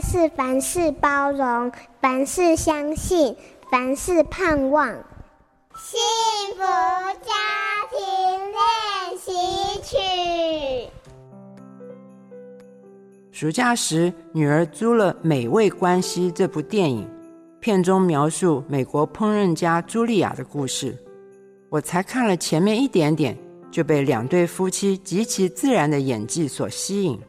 是凡事包容，凡事相信，凡事盼望。幸福家庭練習曲。暑假時，女兒租了《美味關係》這部電影，片中描述美國烹飪家茱莉亞的故事。我才看了前面一點點，就被兩對夫妻極其自然的演技所吸引。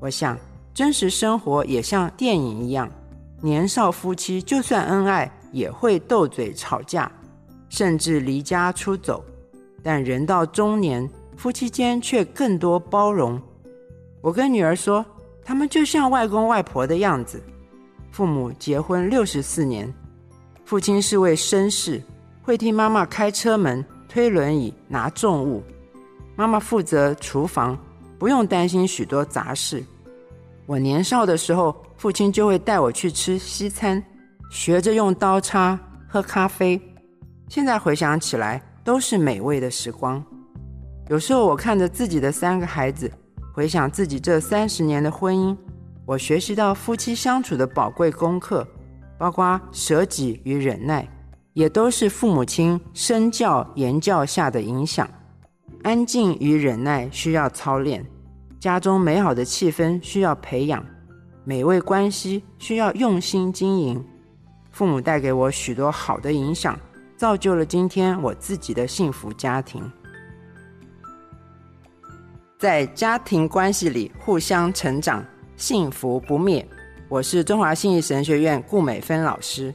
我想，真實生活也像電影一樣，年少夫妻就算恩愛，也會鬥嘴吵架，甚至離家出走。但人到中年，夫妻間卻更多包容。我跟女兒說，他們就像外公外婆的樣子。父母結婚六十四年，父親是位紳士，會替媽媽開車門、推輪椅、拿重物；媽媽負責廚房，不用擔心許多雜事。我年少的時候，父親就會帶我去吃西餐，學着用刀叉、喝咖啡。現在回想起來，都是美味的時光。有時候我看着自己的三個孩子，回想自己這三十年的婚姻，我學習到夫妻相處的寶貴功課，包括舍己與忍耐，也都是父母親身教言教下的影響。安靜與忍耐需要操練。家中美好的氣氛需要培養，美味關係需要用心經營。父母帶給我許多好的影響，造就了今天我自己的幸福家庭。在家庭關係裡互相成長，幸福不滅。我是中華信義神學院顧美芬老師。